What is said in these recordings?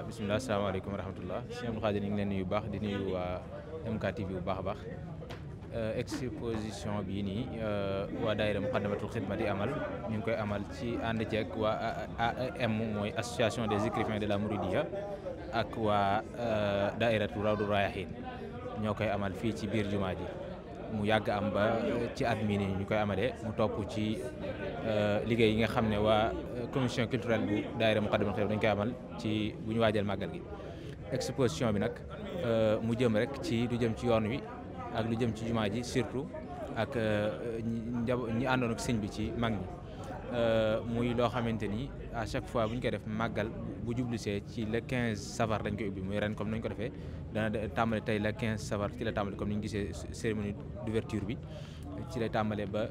bisimilah asalaamaaleykum wa rahmatullah sëñ Abdou Khadir ñu ngi leen nuyu baax di nuyu waa MKTV bu baax a baax euh, exposition bii nii euh, waa daayira Muqaddamatul Xidma di amal ñu ngi koy amal ci ànd ceeg waa AEM mooy association des écrivains de la Mouridiyya ak waa euh, daayiratu Rawdu Rayaahiin ñoo koy amal fii ci biir jumaa ji mu yàgg am ba euh, ci at ñu koy amalee mu topp ci euh, liggéey yi nga xam ne waa euh, commission culturelle bu daayira Moukhaddamatoul Khidma dañ koy amal ci bu ñu waajal màggal gi exposition bi nag mu jëm rek ci lu jëm ci yoon wi ak lu jëm ci jumaa ji surtout ak ñi àndoon ak sëñ bi ci mag ñi Euh, muy loo xamante ni à chaque fois bu ñu koy def màggal bu jublisee ci le quinze safar dañ koy ubbi muy ren comme nañ ko defee dana tàmbale tey la 15 safar ci la tàmbale comme ni ñu gisee cérémonie d'ouverture bi ci lay tàmbale ba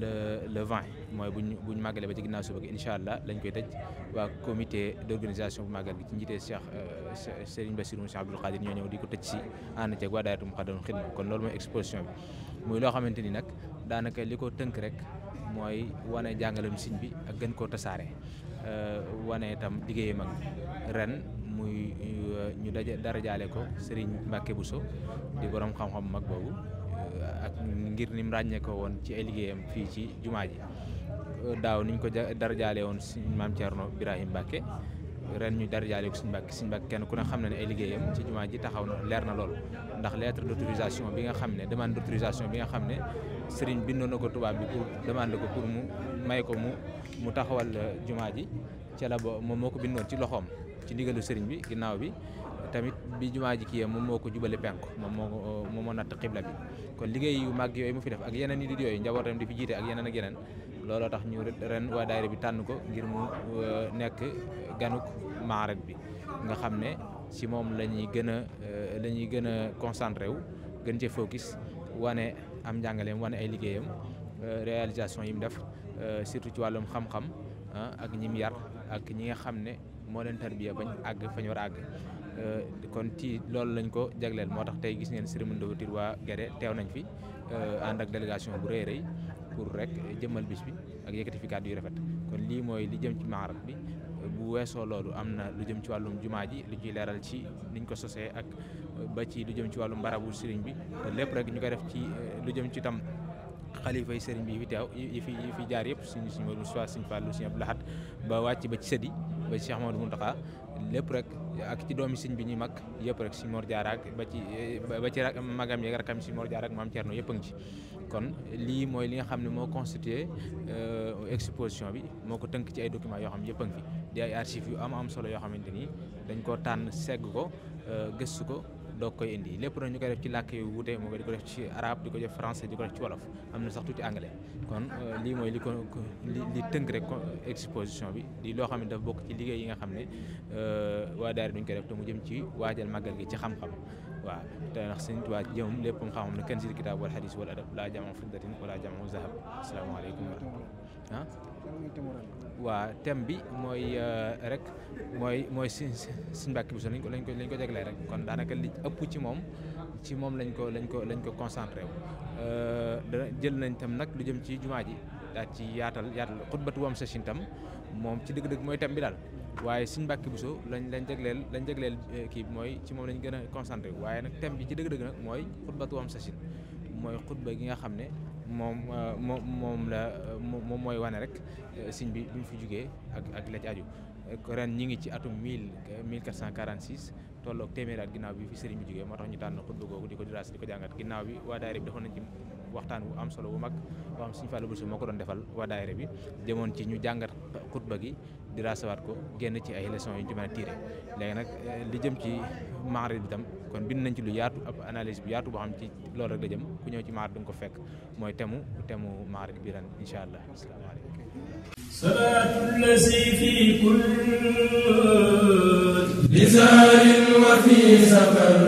le le 20 mooy bu ñu bu ba ci ginnaaw suba gi incha allah lañ koy tëj waa comité d' organisation bu màggal bi ci njiitee Cheikh euh, Serigne Bassirou Cheikh Abdoul Khadir ñoo ñëw di ko tëj si ànd ceeg waa daayatu Moukhaddamatoul Khidma kon loolu mooy exposition bi loo xamante ni nag daanaka li ko tënk rek. mooy wane jàngaleem sëñ bi ak gën koo tasaare euh, wane itam liggéeyam ak ren muy euh, ñu daja darajaale ko Serigne bu Bousso di borom xam-xam mag boobu euh, ak ngir ni mu ràññee ko woon ci ay liggéeyam fii ci jumaa ji daaw niñ ko darajaale woon Serigne Maam Thierno Birahim Mbacke ren ñu dara jaale ko Sëñ Mbàkke Sëñ Mbàkke kenn ku ne xam na ne ay liggéeyam ci jumaa ji taxaw na leer na lool ndax lettre d'autorisation bi nga xam ne demande d'autorisation bi nga xam ne sëriñ bindoon na ko tubaab bi pour demande ko pour mu may ko mu mu taxawal euh, jumaa ji ca la ba moom moo ko bindoon ci loxoom ci ndigalu sëriñ bi ginnaaw bi tamit bi jumaa ji kiyee moom moo ko jubale penk moom moo moom moo natt xibla bi kon liggéey yu màgg yooyu mu fi def ak yeneen yi di yooyu njabootam di fi jiite ak yeneen ak looloo tax ñu ren waa daayira bi tànn ko ngir mu euh, nekk ganuk maaret bi nga xam ne ci moom lañuy ñuy gën a euh, la ñuy gën a concentré wu gën cee focus wane am njàngaleem wane ay liggéeyam euh, réalisation yi mu def surtout ci wàllum xam-xam ah, ak ñim yar ak ñi nga xam ne moo leen tarbiya bañ àgg fañ war a àgg kon ci loolu lañ ko jagleel moo tax tey gis ngeen cérémonie d'ouverture waa Guédé teew nañ fi ànd ak délégation bu rëy rëy pour rek jëmmal bis bi ak yëkkati fi rafet kon lii mooy li jëm ci maarat bi bu weesoo loolu am na lu jëm ci wàllum jumaa ji lu ciy leeral ci niñ ko sosee ak ba ci lu jëm ci wàllum barabu sëriñ bi lépp rek ñu koy def ci lu jëm ci tam xalifa yi sëriñ bi yi fi teew yi fi yi jaar yëpp si suñu wàllu soit suñu fàllu suñu Abdou Lahad ba wàcc ba ci sëdi ba ci Cheikh Amadou Mountakha lépp rek ak ci doomi sëñ bi ñuy mag yëpp rek si Mor Diarra ak ba ci ba ci magam yeeg rakam si Mor Diarra ak maam Thierno yëpp a ngi ci kon lii mooy li nga xam ne moo constitué euh, exposition bi moo ko tënk ci ay documents yoo xam ne yëpp a fi di ay archives yu am am solo yoo xamante ni dañ ko tànn segg ko euh, gëstu ko. doog koy indi lépp nag ñu koy def ci làkk yu wuute moo di ko def ci arabe di ko def français di ko def ci wolof am na sax tuuti anglais kon euh, lii mooy li ko li tënk rek exposition bi di loo xam ne dafa bokk ci liggéey yi nga xam ne euh, waa daara duñ koy def te mu jëm ci waajal màggal gi ci xam-xam waaw te ndax sëñ Tuubaa jëm lépp mu xam ne kenn si kitaab wala xadis wala adab laa jamaa fiddatin wala jamaa zahab asalaamaaleykum wa rahmatulah ah waaw thème bi mooy euh, rek mooy mooy si si mbàkk bi so lañ ko lañ ko jagleel rek kon daanaka ëpp ci moom ci moom lañ ko lañ ko lañ ko concentré wu euh, dana jël nañ tam nag lu jëm ci jumaa ji daal ci yaatal yaatal xutbatu wam sachin tam moom ci dëgg-dëgg mooy tam bi daal waaye suñ mbàkki buso lañ lañ jagleel lañ jagleel euh, kii mooy ci moom lañ gën a concentré waaye nag thème bi ci dëgg-dëgg nag mooy xutbatu wam sachin mooy xutba gi nga xam ne moom euh, moom moom la euh, moom mooy wane rek euh, sëñ bi bi fi jugee ak ak la ci aju ren ñi ngi ci atum mille mille quatre cent quarante six tolloog téeméeri at ginnaaw bi fi sëriñ bi jugee moo tax ñu tànn xutba googu di ko diraas di ko jàngat ginnaaw bi waa daayira bi defoon nañ ci waxtaan wu am solo bu mag o xam sëñ Fallou Bousso moo ko doon defal waa daayira bi demoon ci ñu jàngat xutba gi di recevoir ko génn ci ay leçons yu ñu ci mën a tiré léegi nag eh, li jëm ci maarit bi tam kon bind nañ ci lu yaatu ab analyse bu yaatu boo xam ci lool rek la jëm ku ñëw ci maarit du nga ko fekk mooy temu temu maarit bi ren incha allah asalaamaaleykum salaatu lasi fi kulli lisanin wa fi safar